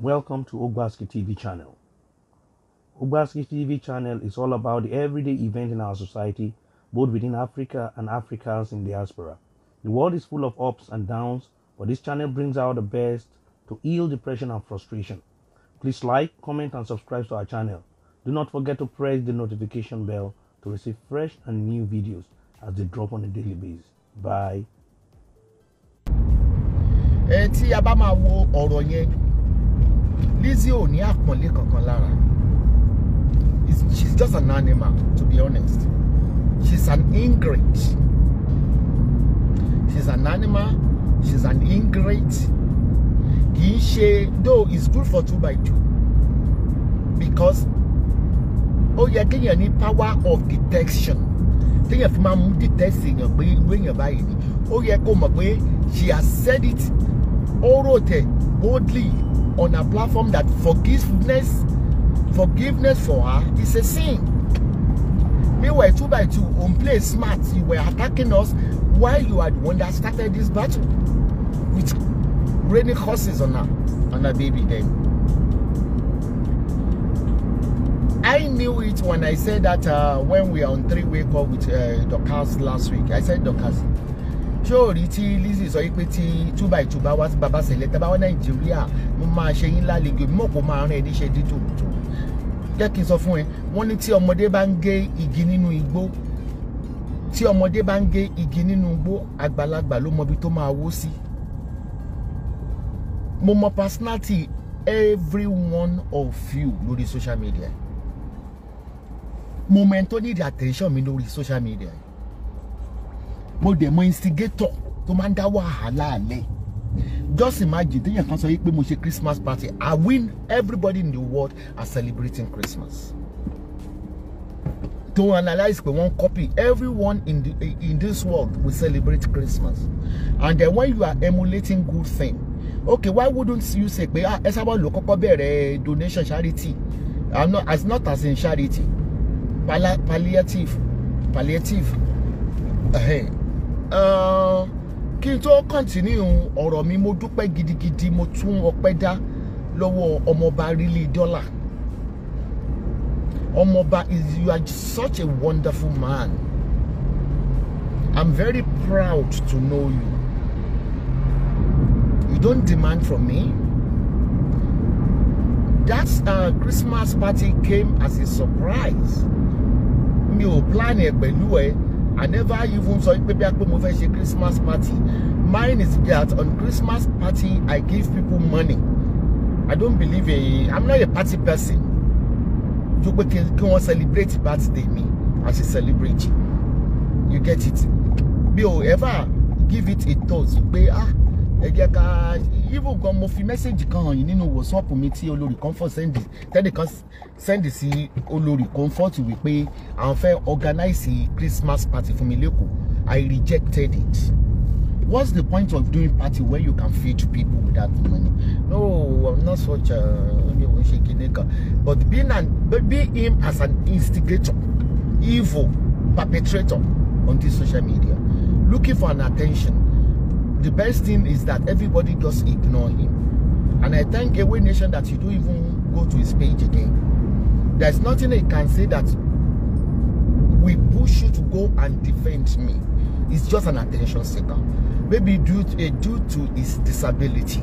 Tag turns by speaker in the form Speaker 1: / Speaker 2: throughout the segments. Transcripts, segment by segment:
Speaker 1: Welcome to Ogbaski TV channel. Ogbaski TV channel is all about the everyday event in our society, both within Africa and Africans in diaspora. The world is full of ups and downs, but this channel brings out the best to heal depression and frustration. Please like, comment, and subscribe to our channel. Do not forget to press the notification bell to receive fresh and new videos as they drop on a daily basis. Bye. Lizzie ò ní àpọ́nlé kankan lára she's just an animal to be honest she's an ingrate she's an animal she's an ingrate kì í ṣe though is good for two by two because ó yẹ kéèyàn ní power of detection téèyàn fi máa mú detect èèyàn pé irú èèyàn báyìí ni ó yẹ kó mọ̀ pé she has said it ó rò boldly on a platform that forgiveness forgiveness for her is a sin. Meanwhile, two by two on play smart. You were attacking us while you are the one that started this battle with raining horses on her on her baby then. I knew it when I said that uh, when we are on three-way call with uh, Docas last week. I said, Docas, ṣóòrí tí Lizzy sọ pé tí two by two bá wá sí baba sẹ̀lẹ̀ tẹ́ bá wá Nàìjíríà mo máa ṣe yín lálejò mímọ̀ kó máa rìn ẹ́ níṣẹ́ dítò jẹ́ kí n sọ fún ẹ wọ́n ní tí ọmọdé bá ń gé igi nínú igbó tí ọmọdé bá ń gé igi nínú igbó àgbàlagbà ló mọbi tó máa wó sí mo mọ personality every one of you lórí social media Moment mọ ẹni tó ní ìdí attention mi lórí social media yìí mo dẹ̀ mọ instigator tó máa ń dá wàhálà alẹ́ just imagine téèyàn kan sọ pé mo ṣe Christmas party I win everybody in the world are celebrating Christmas to analyse pé one copy everyone in, the, in this world will celebrate Christmas and then when you are emulating good thing okay why wouldn't you say pé ah ẹ sábà lò kọ́kọ́ bẹ̀rẹ̀ donation charity i'm not as not as in charity palliative palliative uh, eh, hey, Eh, kí n tó kọ́ntínú ọ̀rọ̀ mi mo dúpẹ́ gidigidi mo tún ọpẹ́ dá lọ́wọ́ ọmọọba rílì dọ́là ọmọọba is you are such a wonderful man I'm very proud to know you you don't demand from me that uh, Christmas party came as a surprise mi ò plan ẹ pẹ̀lú ẹ. I never even saw Maybe I a pé mo Christmas party mine is that on Christmas party I give people money I don't believe a I'm not a party person tó can can wọ́n celebrate birthday me as a celebrate you get it bí o ever give it a thought Be ah ẹ jẹ́ ká even gan mo fi mẹ́sẹ̀gì kan hàn yín nínú wọ́sọ́ọ̀pù mi tí olórí comfort send tẹ́lẹ̀ kan send sí olórí comfort wípé àwọn fẹ́ organize Christmas party fún mi lẹ́kọ̀ọ́ I rejected it what's the point of doing party where you can feed people without money no I'm not such a but being an being him as an instigator evil perpetrator on this social media looking for an attention the best thing is that everybody just ignore him. And I thank Gateway Nation that you don't even go to his page again. There's nothing he can say that we push you to go and defend me. It's just an attention seeker. Maybe due to, eh, due to his disability.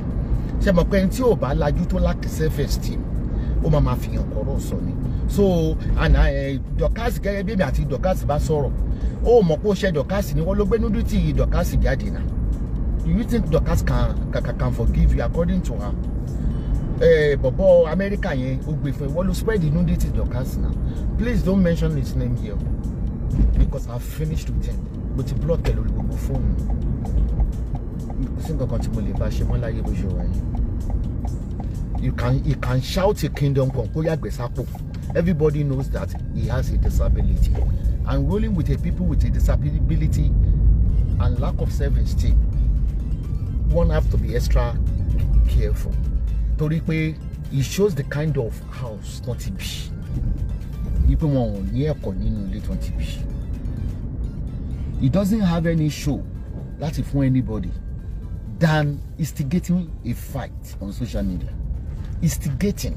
Speaker 1: So my pé ẹni tí ò bá lack self-esteem ó máa máa fìyàn kọ́rọ̀ ni. So and I eh, gẹ́gẹ́ bí èmi àti Dorcas bá sọ̀rọ̀ ó mọ̀ pé ó ṣe Dorcas ni wọ́n ló gbé nudity Dorcas jáde náà do you think Dorcas can, can, can forgive you according to her eh, bọ̀bọ̀ Amẹ́ríkà yẹn ó before what ẹ spread ló spread nudity Dorcas now please don't mention his name here because I finished with him But ti block ẹ lórí gbogbo fóònù kò sí nǹkan kan tí mo lè bá ṣe mọ́ you can you can shout a kingdom everybody knows that he has a disability and rolling with a people with a disability and lack of service too one have to be extra careful torí pé it shows the kind of house tó ti bí ní pé wọn ò ní ẹ̀kọ́ nínú ilé tó ti bí it doesn't have any show láti fún anybody than instigating a fight on social media instigating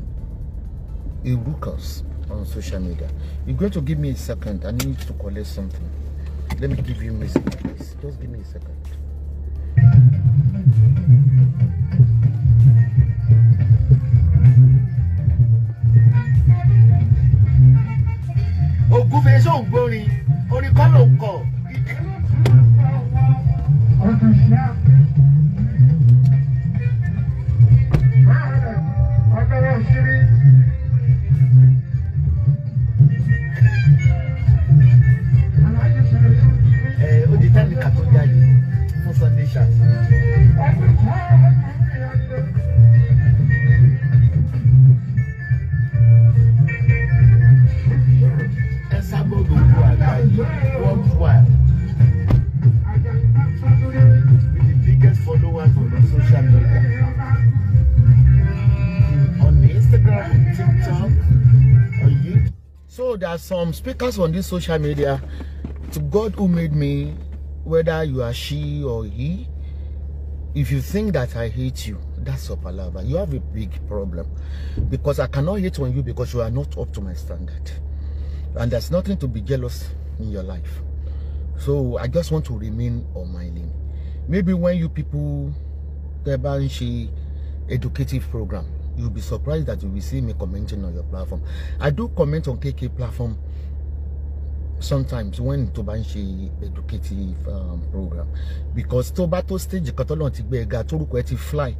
Speaker 1: a ruckus on social media you're going to give me a second i need to collect something let me give you a message please just give me a second ògúnfẹsọ̀ ń gbórin. there are some speakers on this social media to god who made me whether you are she or he if you think that i hate you that's your palaver you have a big problem because i cannot hate on you because you are not up to my standard and there's nothing to be jealous in your life so i just want to remain on my lane maybe when you people ever she educative program you'll be surprised that you will see me commenting on your platform. I do comment on KK platform sometimes when tó bá educative um, program because tó bá stage kan tọ́lọ́run ti gbé ẹ̀ga tórúkọ ẹ ti fly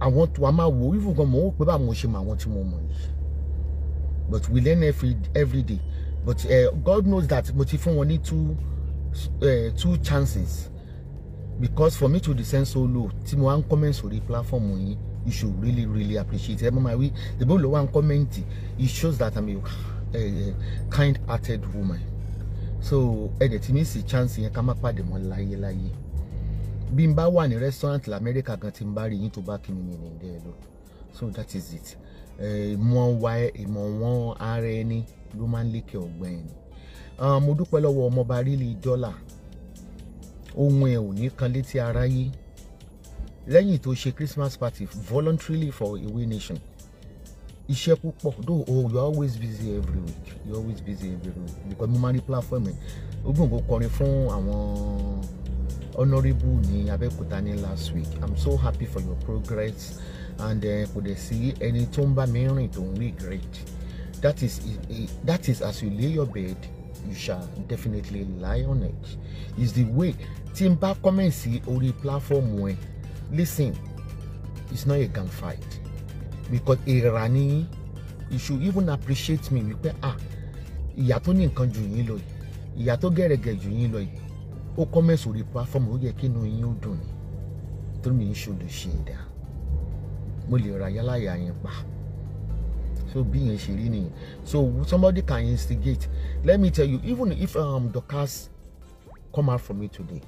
Speaker 1: àwọn uh, tó a máa wò even gan mo wò I want more money. but we learn every every day but uh, God knows that mo ti fún two uh, two chances because for me to descend so low tí mo wá ń comment sórí platform yìí you should really really appreciate it. My máa the ìbò lọ́wọ́ àwọn it shows that i'm a, a, eh, kind hearted woman so ẹ̀dẹ̀ tí mi sì chance yẹn Come up, pàdé mọ́ láyéláyé bí n bá restaurant lamẹ́ríkà gan tí n bá rí yín tó bá kí so that is it ìmọ̀ wa ìmọ̀ wọn ara ẹni ló máa ń lékè ọ̀gbọ́n ẹni ah, mo dúpẹ́ lọ́wọ́ ọmọọba rílì dọ́là ohun ẹ̀ ò kan létí aráyé lẹ́yìn tó ṣe Christmas party voluntarily for Away Nation iṣẹ́ púpọ̀ though oh you are always busy every week you are always busy every week because mo máa rí platform yẹn ogun kò kọrin fún àwọn honourable ní Abẹ́òkúta ní last week i'm so happy for your progress and eh, kò dẹ̀ sí ẹni tó ń bá mi rìn tó ń regret that is eh, eh, that is as you lay your bed you shall definitely lie on it is the way tí n bá comment sí orí platform yẹn listen it's not a gang fight because èrà ni you should even appreciate me wípé ah ìyá tó ní nǹkan jù yín lọ yìí ìyá tó gẹ̀rẹ̀gẹ̀ jù yín lọ yìí ó kọ́ mẹ́sàn-án orí platform ó yẹ kí inú yín ó dùn ní torí mi ń ṣòlò ṣe ìdá mo lè so being a ṣe so somebody can instigate let me tell you even if um, Dorcas come out from me today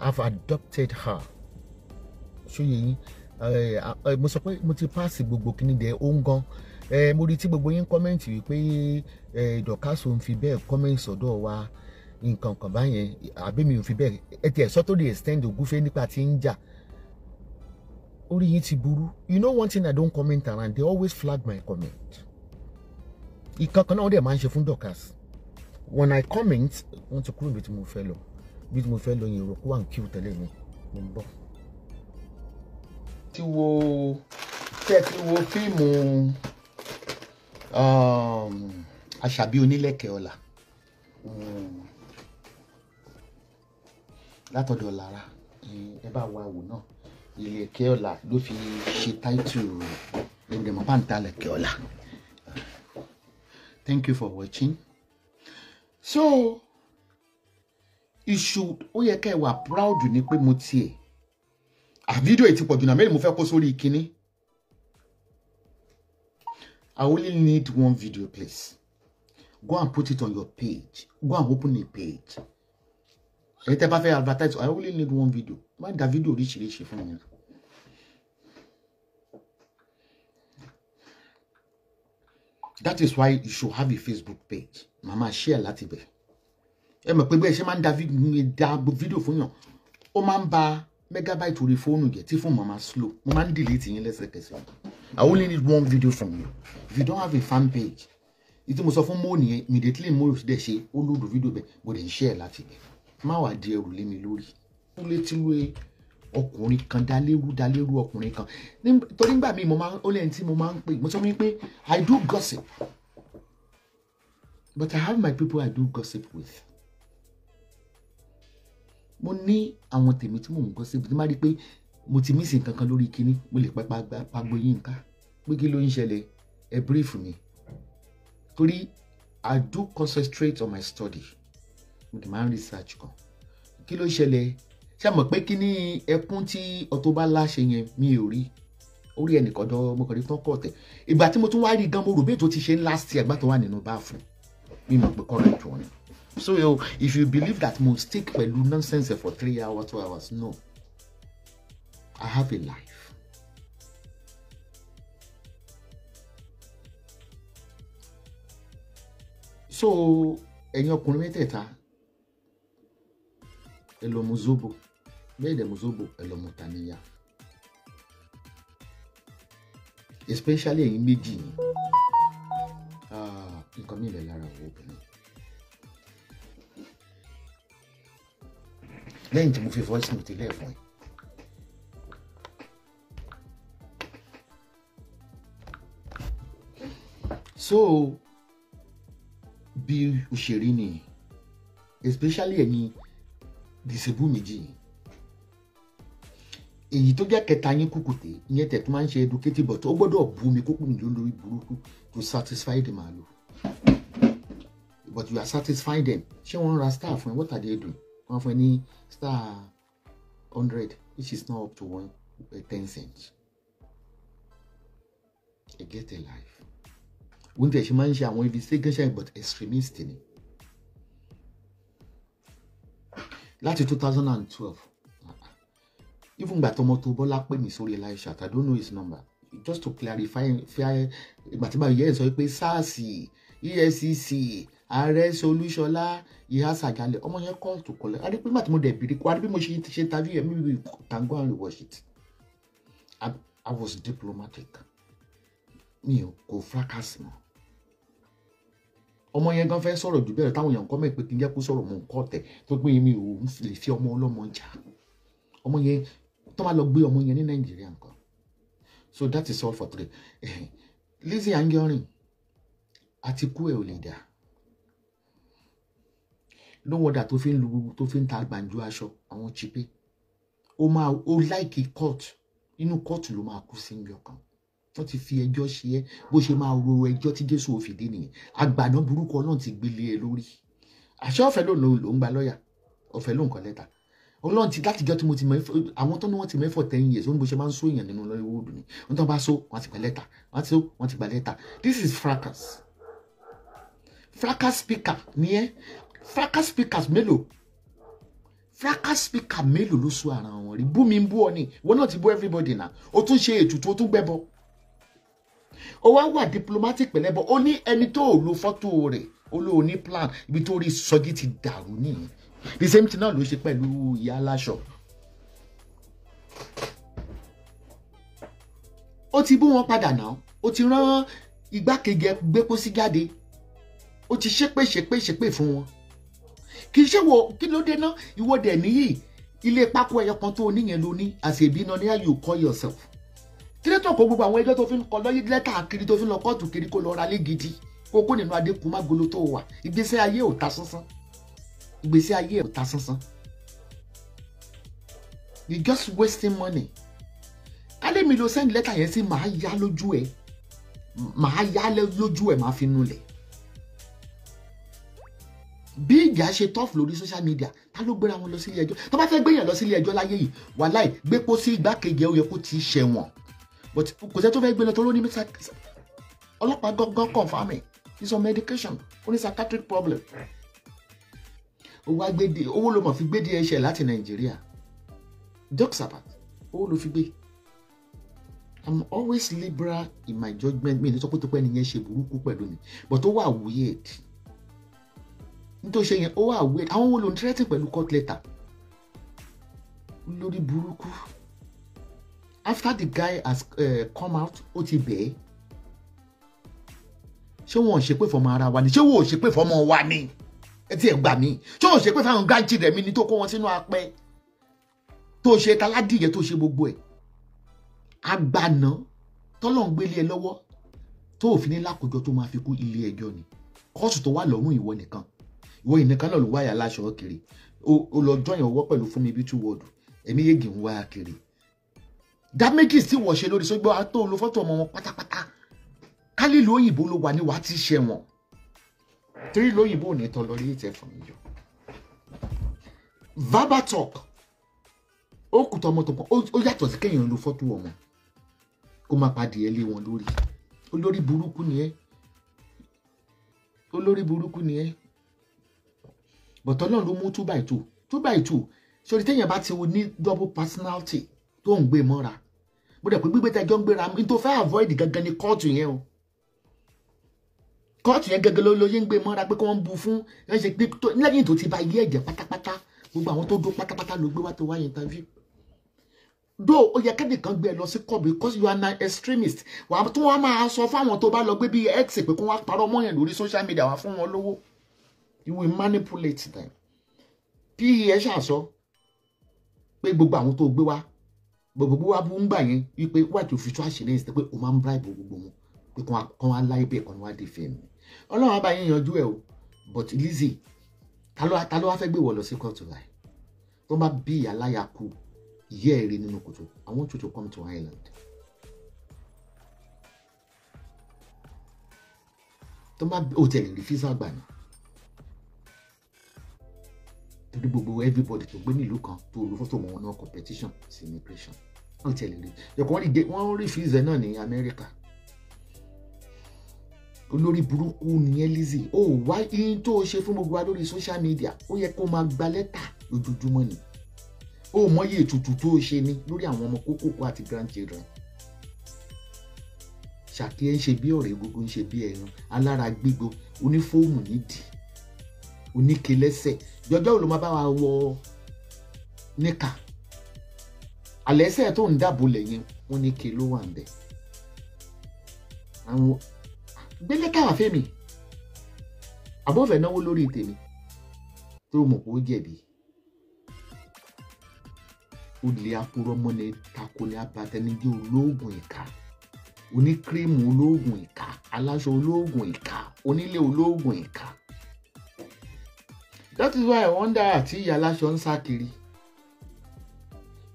Speaker 1: I've adopted her ṣóyè yín eh, eh, mo sọ pé mo ti páàsì gbogbo kíní dẹ ó ń gan eh, mo rí tí gbogbo yín kọ́mẹ́ǹtì wípé ìdọ̀kásó ń fi bẹ́ẹ̀ kọ́mẹ́ǹtì sọ́dọ̀ wa nǹkan kan báyẹn àbí mi ò fi bẹ́ẹ̀ ẹ tiẹ̀ sọ́tò dey extend ògúnfẹ́ nípa tí ń jà orí yín ti burú you know one thing I don't comment around they always flag my comment ìkan kan náà wọ́n dẹ̀ máa ń ṣe fún Dorkas when I comment wọ́n ti kúrò bí tí mo fẹ́ lọ bí tí mo fẹ́ lọ yẹn rò kó wà ń kí o tẹ́lẹ̀ mi mo ń bọ̀ ti wo tẹ́ ẹ ti wo fíìmù um, àṣàbí onílẹ̀kẹ̀ ọ̀la hmm. látọ̀dọ̀ lára ẹ bá wa wò náà ìlẹ̀kẹ̀ ọ̀la ló fi ṣe táìtù ìrìnàmọ́ pàǹtà lẹ̀kẹ̀ ọ̀la. Thank you for watching. So, you should ó yẹ ká ẹ wà proud ní pé mo tiẹ̀ àfídíò ah, èyí ti pọ̀ jù náà mẹ́rin mo fẹ́ kó sórí ìkíní I only need one video please go and put it on your page go and open a page ẹ̀yin tẹ́ bá fẹ́ advertise I only need one video má da fídíò oríṣiríṣi fún mi. that is why you should have a Facebook page màmá share láti bẹ̀ ẹ mọ̀ pé bẹ́ẹ̀ ṣe máa ń da video fún yàn ó máa ń ba megabyte orí fóònù jẹ tí fóònù máa slow mo máa ń delete yín lẹ́sẹ̀kẹsẹ̀ i only need one video from you if you don't have a fan page ìtí mo sọ fún mo nìyẹn immediately mo dẹ̀ ṣe ó lòdù fídíò bẹ́ẹ̀ mo dẹ̀ ń share láti bẹ̀ má wàá di ẹrù lé mi lórí ó lé tí lóye ọkùnrin kan dalérú dalérú ọkùnrin kan torí nígbà míì mo máa ó lẹ́yìn tí mo máa ń pè mo sọ fún mi pé i do gossip but i have my people i do gossip with mo ní àwọn tèmi tí mò ń kọ́ síbi tí má rí i pé mo ti mísì nǹkan kan lórí kinní mo lè pẹ́ pagbo yín ká pé kí ló ń ṣẹlẹ̀ ẹ brief mi torí I do concentrate on my study mo dì máa ń research kan kí ló ṣẹlẹ̀ ṣé mọ̀ pé kí ní ẹkún tí ọtọ́ bá láṣẹ yẹn mi ò rí orí ẹnìkan dán mo kàn rí tán kọ̀ tẹ̀ ìgbà tí mo tún wá rí gan mo rò bí ètò ti ṣe ń last year gbàtọ̀ wà nínú báàfù mi mọ̀ pé correct one ni so yo if you believe that mo stick pẹ̀lú nonsense for three hours two hours no I have a life. so ẹ̀yin ọkùnrin mẹ́tẹ̀ẹ̀ta ẹ lọ mu zobo bẹ́ẹ̀ dẹ̀ mu especially ẹ̀yin méjì yìí ah, nǹkan mi lè lára àwọn obìnrin. lẹ́yìn tí mo fi voice note lẹ̀ fún so bí òṣèré ni especially ẹ̀yin dìsẹ́bù méjì yìí èyí tó jẹ́ kẹta yín kùkùté ìyẹn tẹ̀ máa ń ṣe educated but ó gbọ́dọ̀ bu omi kókò mi lórí burúkú to satisfy the màlúù but you are satisfying them ṣé wọ́n ń ra star fún what are they doing wọ́n fún ẹ star hundred which is now up to one uh, ten cents. A get a life wọ́n ti ẹ̀ ṣe máa ń ṣe àwọn ibi ṣẹ́gẹ́ṣẹ́ but extremist ni láti two thousand and twelve uh-uh. even gbà tọmọ tó Bọ́lá pè mí sórí Elisha I don't know his number just to clarify ìgbà tí báyìí yẹn sọ pé SARS EFCC ààrẹ ṣe olúṣọlá ìhà sàjàlẹ̀ ọmọ yẹn call to collect adé pé màtí mo dẹ̀ bìrì kó adé pé mo ṣe ṣe interview yẹn mi we can go and watch it I, was diplomatic mi ò kò fracas mọ́ ọmọ yẹn gan fẹ́ sọ̀rọ̀ jù bẹ́ẹ̀ táwọn èèyàn kọ́ mẹ́ẹ̀ pé kí n jẹ́ kó sọ̀rọ̀ mọ̀ nǹkan ọ̀tẹ̀ tó pé mi ò lè fi ọmọ ọlọ́mọ jà ọmọ yẹn tó máa lọ gbé ọmọ yẹn ní nàìjíríà nǹkan so that is all for today Lizzy Anjorin àti kú ẹ̀ ò lè dáa no wonder tó fi ń lu tó fi ń ta gbàǹjo aṣọ àwọn chipe ó máa ó láìkí court inú court ló máa kú sí ibi ọkàn wọ́n ti fi ẹjọ́ ṣe ẹ́ bó ṣe máa ro ẹjọ́ tí jésù òfin dé nìyẹn àgbàdo burúkú náà ti gbélé ẹ lórí àṣẹ ọ̀fẹ́ ló ló ń gba lọ́ọ̀yà ọ̀fẹ́ ló ń kọ lẹ́tà ọlọ́run ti látijọ́ tí mo ti mọ àwọn tó ní wọ́n ti mọ ẹ̀fọ́ ten years ó ní bó ṣe máa ń sọ èèyàn nínú lọ́wọ́ òdùn ni wọ́n tó bá sọ wọ́n ti gba lẹ́tà wọ́n ti sọ wọ́n ti gba lẹ́tà this is fracas fracas speaker ni ẹ́ fracas speakers mélòó fracas speaker mélòó ló sọ ara wọn rí bú mi ń bú ọ ni ìwọ náà ti bú everybody na o tún ṣe ètùtù o tún gbẹbọ o wá wà diplomatic pẹ̀lẹ́bọ o ní ẹni tó o lo fọ́tò rẹ̀ o lo ní plan ibi tó rí sọjí ti dàrú nìyẹn the same thing náà ló ṣe pẹ̀lú ìyá aláṣọ. ó ti bú wọn padà náà ó ti rán igbákejì ẹ gbépo sí jáde ó ti ṣépè ṣépè ṣépè fún wọn kì í ṣe wo kí ló dé náà ìwọ dẹ̀ níyì ilé pákó ẹyọ kan tó oníyẹn ló ní àṣebí náà níyà you call yourself tírẹ́tọ̀ kó gbogbo àwọn ẹjọ́ tó fi ń kọ lọ́yìn lẹ́tà kiri tó fi ń lọ kóòtù kiri kó lọ ra lé gidi kókó nínú adékun mágolo tó wà ìgbésí ayé ò ta sánsán ìgbésí ayé ò ta sánsán you just wasting money alẹ́ mi ló send lẹ́tà yẹn sí màá yá lójú ẹ̀ màá yá lójú ẹ̀ màá fi nulẹ̀ bí ìjà ṣe tough lórí social media ta ló gbéra wọn lọ sílé ẹjọ́ tó bá fẹ́ gbéyàn lọ sílé ẹjọ́ láyé yìí wàláì gbépo sí igbákejì ẹ ó yẹ ti ṣẹ̀wọ̀n but kò sẹ́ tó fẹ́ gbé lọ tó ló ní mẹ́ta ọlọ́pàá gángan confam ẹ̀ is on medication ó ní psychiatric problem owó agbèdè owó ló mọ̀ fi gbé díẹ̀ ṣẹ̀ láti nàìjíríà doxapat owó ló fi gbé i'm always liberal in my judgement mi ní sọ pé tó pẹ́ nìyẹn ṣe burúkú pẹ̀lú mi but ó wà weird nítorí ṣe yẹn ó wà wé àwọn wo ló ń tẹ́rẹ́tì pẹ̀lú court letter lórí burúkú after the guy has uh, come out ó ti bẹ̀ẹ́ ṣé wọn ò ṣépè fọmọ ara wa ni ṣé wọn ò ṣépè fọmọ wa ni ẹ ti ẹ gbà mí ṣé wọn ò ṣépè fáwọn gáàjì rẹ mi ni tó kó wọn sínú apẹ tó ṣe taládìyẹ tó ṣe gbogbo ẹ agbana tọ́lọ̀ ń gbélé ẹ lọ́wọ́ tó òfin ní lákòjọ tó máa fi kú ilé ẹjọ́ ni kóòtù tó wà lọ́rùn ìwọ nìkan ìwọ ìnìkan náà ló wáyà aláṣọ kiri ó lọ jọyàn ọwọ́ pẹ̀lú fún mi beauty world èmi yéegi ń wá kiri damages tí wọ́n ṣe lórí sọ́gbọ́n àtọ́ òun ọmọ wọn pátápátá kálílù òyìnbó ló wà ní wàá ti ṣe wọn torí lóyìnbó ò ní tán lọ rí ìtẹ́ fún mi yọ verbal talk ó kù tọmọtọmọ ó yàtọ̀ sí kéèyàn lo fọ́tò ọmọ kó má padì ẹ lé wọn lórí olórí burúkú ni ẹ olórí burúkú ni ẹ But náà ló mú two by two two by two sori téèyàn bá ti ní double personality tó ń gbé e mọ́ra bó dẹ̀ pé gbígbé tẹjọ́ ń gbéra ní tó fẹ́ avoid gangan ni kóòtù yẹn o kóòtù yẹn gangan ló lóye ń gbé e mọ́ra pé kí wọ́n bu fún ẹ̀ ṣe pé lẹ́yìn tó ti ba yí ẹ̀jẹ̀ pátápátá gbogbo àwọn tó dó pátápátá ló gbé wá tó wá interview do ó yẹ kẹ́ni kan gbé ẹ lọ sí court because you are an extremist wàá tún wá máa sọ fáwọn tó bá lọ gbé bíi x pé kí wọ́n parọ́ mọ́ lórí social media wá fún wọn lówó you will manipulate them P. pes ṣàṣọ pé gbogbo àwọn tó gbé wá gbogbo wa bú ń gbà yẹn wípé wà tó fi tó àṣírí ẹ̀sìn pé o máa ń bribe gbogbo wọn pé kàn wá láì bẹ́ẹ̀ kàn wá dé fẹ́mi ọlọ́run á bá yín yanjú ẹ̀ o but Lizzy ta ló wá fẹ́ gbé wọ lọ sí kóòtù láì tó bá bí ìyá láyà kú ìyá ẹ̀ rí nínú kòtò I want you to come to Ireland. tó bá o tẹ̀lé rí físà gbà náà torí gbogbo everybody tó gbé nílùú kan tó lu fọ́tò wọn náà competition sí immigration wọ́n tẹ̀lé rí ẹ̀kọ́ wọn rí wọ́n rí fíìsẹ̀ náà ní Amẹ́ríkà olórí burúkú nìyẹn Lizzy ó wá ihun tó ṣe fún gbogbo wa lórí social media ó yẹ kó máa gba lẹ́tà lójoojúmọ́ ni ó mọyì ètùtù tó ṣe ni lórí àwọn ọmọ kókókó àti grandchildren ṣàkíyẹ́ ń ṣe bí ọ̀rẹ́ gbogbo ń ṣe bí ẹran alára gbígbó onífóòmù nídìí oníke lẹ́sẹ̀ jọjọ́ ló máa bá wa wọ níkà àlẹ́sẹ̀ tó ń dàbò lẹ́yìn wọn níke ló wà ń bẹ̀ àwọn gbélé káwà fẹ́mi àbọ̀fẹ́ náwó lórí tèmi tó mọ̀ pé ó jẹ̀bi olè apurọ́mọ́ni takoni abatẹnijẹ́ olóògùn ìka oníkírímù olóògùn ìka aláṣọ olóògùn ìka onílé olóògùn ìka that is why i wonder ati ìyá aláṣọ ń sá kiri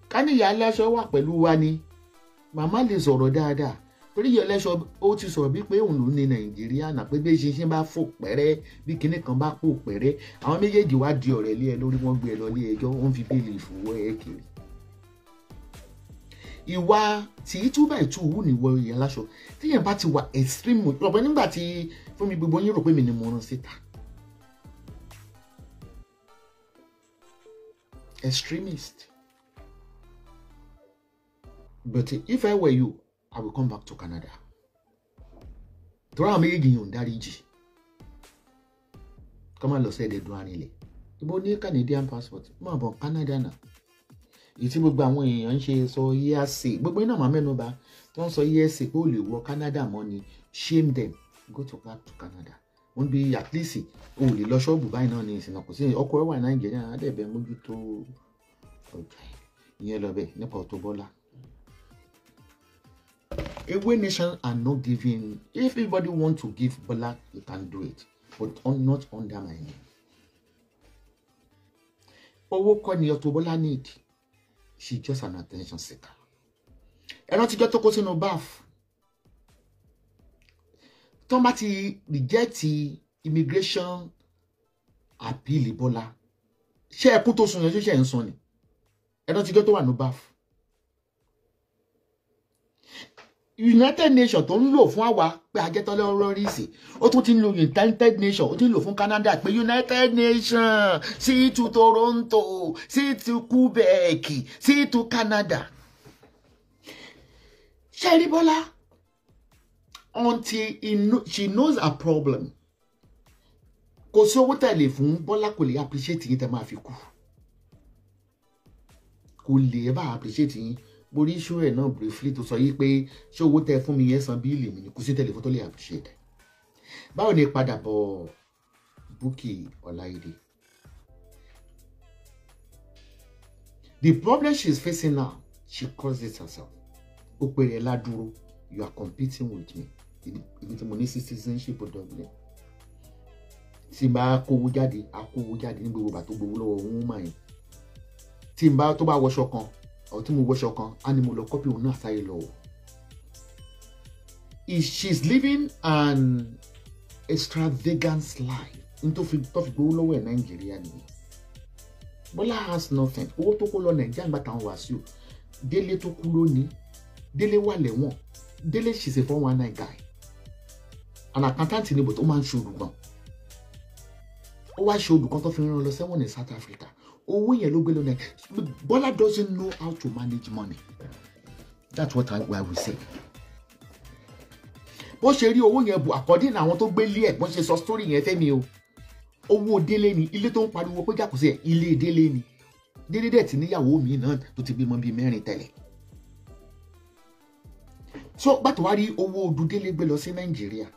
Speaker 1: ká ní ìyá aláṣọ wà pẹ̀lú wa ni màmá lè sọ̀rọ̀ dáadáa torí ìyá aláṣọ ó ti sọ̀rọ̀ bí pé òun ló ní nàìjíríà náà pé bí ṣinṣin bá fò pẹ́rẹ́ bí kinní kan bá fò pẹ́rẹ́ àwọn méjèèjì wá di ọ̀rẹ́ lé ẹ lórí wọ́n gbé ẹ lọ lé ẹjọ́ wọ́n fi bẹ́ẹ̀lì ìfowó ẹ kiri ìwà tí two by two wù ní wọ ìyá aláṣọ tíyẹn bá ti wà extreme rọ̀bẹ nígbà tí fún mi gbogbo yín rò pé mi ni mo rán síta extremist. But if I were you, I will come back to Canada. Tọ́ra mi méjèèjì yìí ò ń dáríjì. Kọ́ máa lọ sí ẹ̀dẹ̀ dùn arinlẹ̀. Ibo ní Canadian passport, ma bon Canada na Èyí tí gbogbo àwọn èèyàn ń ṣe sọ yíyáṣe, gbogbo iná màá mẹ́nu bà tó ń sọ yíyáṣe pé Canada money shame them go to back to Canada wọ́n bí at least o lè lọ ṣọ́ọ̀bù báyìí náà ní ìsìnà kò sí ọkọ ẹ̀ wà nàìjíríà adẹ́bẹ̀ mójútó ọjà ìyẹn lọ bẹ̀ nípa Auto Bola. Ewe nation are not giving if anybody want to give Bola you can do it but not under my name. owó kọ́ ni Auto Bola need she just an attention seeker. ẹ̀rọ tíjọ́ tó kó sínú báàfù tó bá ti rìjẹ́ẹ̀tì immigration appeal Bọ́lá ṣé ẹkún tó sun yẹn ṣe ṣe ń sun ni ẹ̀dọ́ ti tó wà ní baf United Nations tó ń lò fún àwa pé ajẹ́tọ́lẹ́ ọlọ́rìsì ó tún ti ń lo United Nations ó ti ń lò fún Canada pé United Nations sí tu Toronto sí tu Quebec sí tu Canada ṣé ẹ rí Bọ́lá until kno she knows her problem kò sí owó tẹ̀lé fún bọ́lá kò lè appreciate yín tẹ̀ máa fi kú kò lè bá appreciate yín borí iṣu ẹ̀ náà briefly tó sọ yí pé ṣé owó tẹ fún mi yẹn san bíìlì mi ni kò sí tẹ̀lé fún tó lè appreciate báwo ni padà bọ̀ Bukky Ọláìdé the problem she is facing now she caused it herself ó pèrè ládùúró you are competing with me ibi citizenship ọ̀dọ̀ tí n bá kówó jáde á kówó jáde ní gbogbo bàtó gbowó lọ́wọ́ òun mà yẹn tí n bá tó bá wọṣọ kan ọ̀ tí mo wọṣọ kan á ní mo lọ kọ́pì òun náà sáyé lọ́wọ́ she's living an extravagant life n tó fi tó fi gbowó lọ́wọ́ ẹ̀ nàìjíríà nìyẹn Bọ́lá has nothing owó tó kó lọ nàìjíríà nígbà táwọn Wàsíù Délé tó kú lónìí Délé wà lẹ́wọ̀n Délé she's a four one nine guy And accountant ni but ó máa ń ṣe olùgbọ̀n ó wá ṣe olùkọ́ tó fi rán lọ sẹ́wọ̀n ní South Africa owó yẹn ló gbé lọ náà Bọ́lá doesn't know how to manage money that's what I, will say bó ṣe rí owó yẹn bù àkọ́dé ní àwọn tó gbé lé ẹ̀ bó ṣe sọ story yẹn fẹ́mi o owó délé ni ilé tó ń pariwo pé jà kò sí ẹ̀ ilé délé ni délé dẹ̀ ti níyàwó mi náà tó ti bímọ bíi mẹ́rin tẹ́lẹ̀ so bàtà wá rí owó odù délé gbé lọ sí Nàìjíríà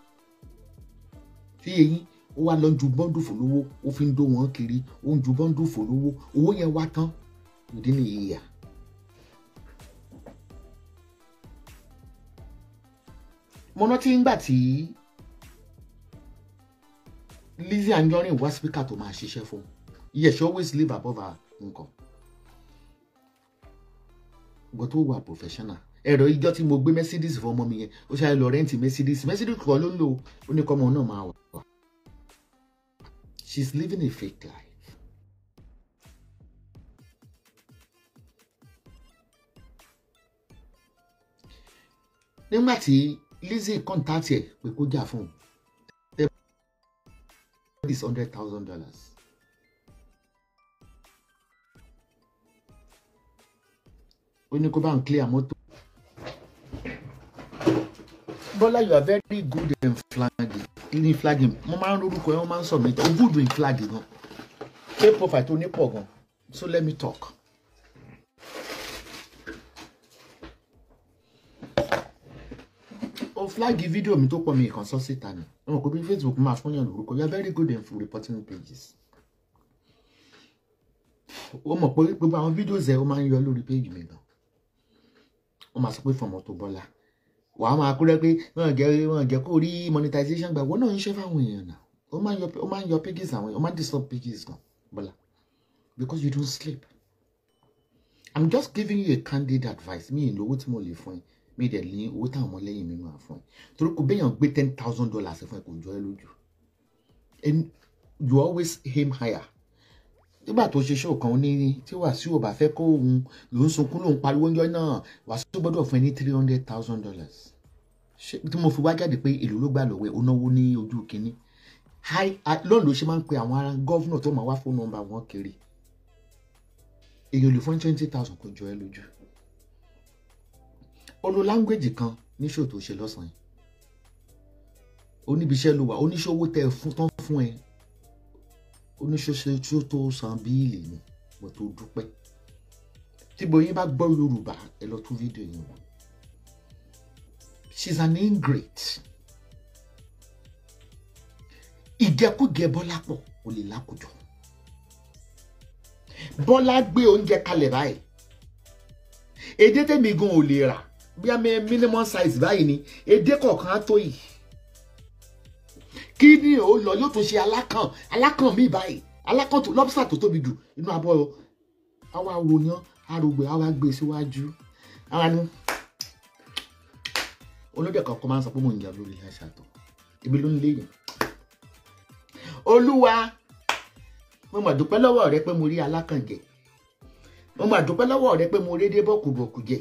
Speaker 1: tí eyín ó wá lọ ju bọ́ńdù fòlówó ó fi ń dó wọn kiri ó ń ju bọ́ńdù fòlówó owó yẹn wá tán ìdí ni ìyà. mo rántí ńgbà tí Lizzy Anjorin wá spíkà tó máa ṣiṣẹ́ fún yes she always live above her nǹkan but ó wà professional ẹ̀rọ ìjọ tí mo gbé Mercedes fún ọmọ mi yẹn ó ṣáà lọ rẹ́ǹtì Mercedes Mercedes kọ́ ló ń lò ó ní kọ́mọ náà máa wà. she is living a fake life. nígbà tí Lizzie kọ́ńtàtì ẹ̀ pé kó jà fún un they pay this hundred thousand dollars. ó ní kó bá ń clear mọ́tò Bọ́lá you are very good in flagging in flagging mo máa ń lórúkọ yẹn wọ́n máa ń sọ mi o good in flagging gan pay profile tó ní pọ̀ gan so let me talk. o flag fídíò mi tó pọ̀ mi ìkànsọ síta ni ọmọ kò bí Facebook máa fún yàn lórúkọ you are very good in reporting pages ó mọ̀ pé gbogbo àwọn fídíò ẹ̀ ó máa ń yọ lórí péjì mi gan ó máa sọ pé fọmọ tó bọ́lá wàá máa kúrẹ́ pé wọ́n jẹ́ wọ́n jẹ́ kó rí monetization gbà wọ́n náà ń ṣe fáwọn èèyàn náà ó máa ń yọ ó máa ń yọ pages àwọn èèyàn ó máa ń disturb pages gan bọ́lá because you don't sleep i'm just giving you a candid advice mi ì lówó tí mo lè fún ẹ mi ì dẹ̀ ní owó táwọn ọmọlẹ́yìn mi máa fún ẹ torí kò béèyàn gbé ten thousand dollars fún ẹ kò jọ ẹ lójú and you always aim higher nígbà tó ṣe ṣó kan ní tí Wàsíù ò bá fẹ́ kó òun ló sunkún lòun pariwo ńjọ́ náà Wàsíù gbọ́dọ̀ fún ẹ ní three hundred thousand dollars tí mo fi wá jáde pé ìlú ló gbà lọ́wọ́ ẹ̀ ó náwó ní ojú kínní lọ́nà ló ṣe máa ń pe àwọn ará gọ́vnà tó máa wá fóònù nọ́mbà wọn kiri èèyàn lè fún twenty thousand kò jọ ẹ lójú olú láńgbèjì kan níṣòtò ṣe lọ́sàn-án oníbiṣẹ́ ló wà oníṣòwò tẹ fún tán fún ẹ oníṣẹ́ṣe tí ó tó san bíìlì ni mo tó dúpẹ́ tí gbòyìn bá gbọ́ yorùbá ẹ lọ tún fídíò yìí wọ̀ she's an ingrate ìjẹkújẹ bọ́lá pọ̀ kò lè lákòjọ bọ́lá gbé oúnjẹ kalẹ̀ báyìí èdè tèmi gan ò lè rà bí a mẹ minimum size báyìí ni èdè kọ̀ọ̀kan á tó yìí kídìní ò lọ yóò tún ṣe alákàn alákàn mi báyìí alákàn tó lọ́bùsà tó tóbi jù inú abọ́ àwa ròyàn arògbè àwa gbé e síwájú àwa ni olóde kankan máa ń sọ pé mò ń jà lórí aṣàtọ̀ ibi ló ń léyìn olúwa mo mà dúpẹ́ lọ́wọ́ rẹ pé mo rí alákànjẹ mo mà dúpẹ́ lọ́wọ́ rẹ pé mo rí débọ̀kùbọ̀kù jẹ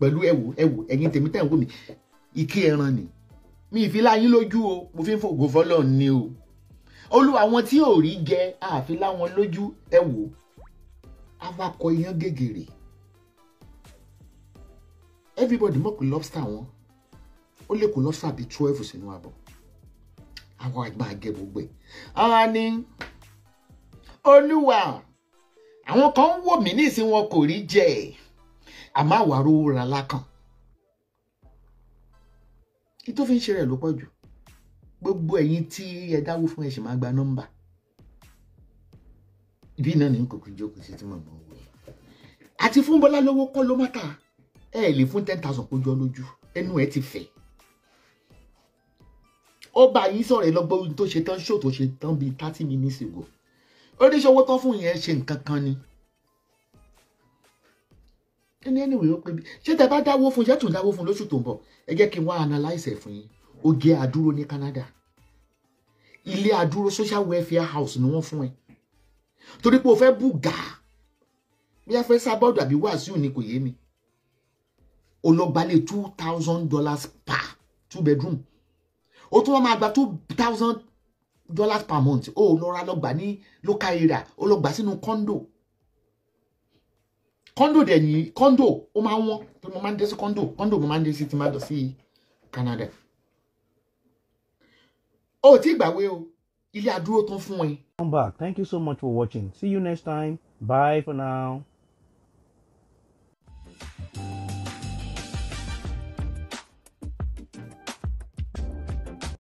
Speaker 1: pẹ̀lú ẹ̀wò ẹ̀wò ẹ̀yin tèmi ń wò mí ìkí ẹran nìyí mi ìfilá yín lójú o mo fi ń fògo fọlọ́ ni o olúwa àwọn tí ò rí jẹ àfilá wọn lójú ẹ wò awakọ̀ iyán gègèrè everybody mọ̀ pé lobster wọn ó lè kó lobster bíi twelve sínú abọ́ àwọn àgbà àgẹ gbogbo ẹ̀ àwọn ni olúwa àwọn kan ń wò mí nísìnyí wọn kò rí jẹ àmọ́ àwárò wúra lákàn kí tó fi ń ṣe rẹ̀ ló pọ̀ jù gbogbo ẹ̀yin tí ẹ dáwó fún ẹ sì máa gba nọ́mbà ibi náà ní kòkó jókòó sí tí mo mọ̀ wò àti fún Bọ́lá lówó kọ́ ló má ta ẹ lè fún ten thousand kó jọ lójú ẹnu ẹ ti fẹ̀ ọba yìí sọ̀rọ̀ ẹ lọ́gbọ́n tó ṣe tán ṣó tó ṣe tán bíi thirty minutes ago oníṣòwò tán fún yẹn ṣe nǹkan kan ni ẹni ẹni wèé ó pé bí ṣé tẹ bá dáwó fún ṣé tún dáwó fún lóṣù tó ń bọ̀ ẹ jẹ́ kí n wá analyse ẹ̀ fún yín oge àdúró ní Canada ilé àdúró social welfare house ni wọ́n fún ẹ torí pé o fẹ́ bù gàá bí a fẹ́ sábọ́ọ̀dù àbí wàásù ni kò yé mi o lọ gbalẹ̀ two thousand dollars per two bedroom o tún wọn máa gba two thousand dollars per month o lọ ra lọ gbà ní local area o lọ gbà sínú condo kọ́ńdò dẹ̀ yìí kọ́ńdò ó máa ń wọ́n torí mo máa ń dé sí kọ́ńdò kọ́ńdò mo máa ń dé sí ti máa dọ̀ sí Canada o ò tí gbàgbé o ilé adúró tán fún ẹ. come back thank you so much for watching see you next time bye for now.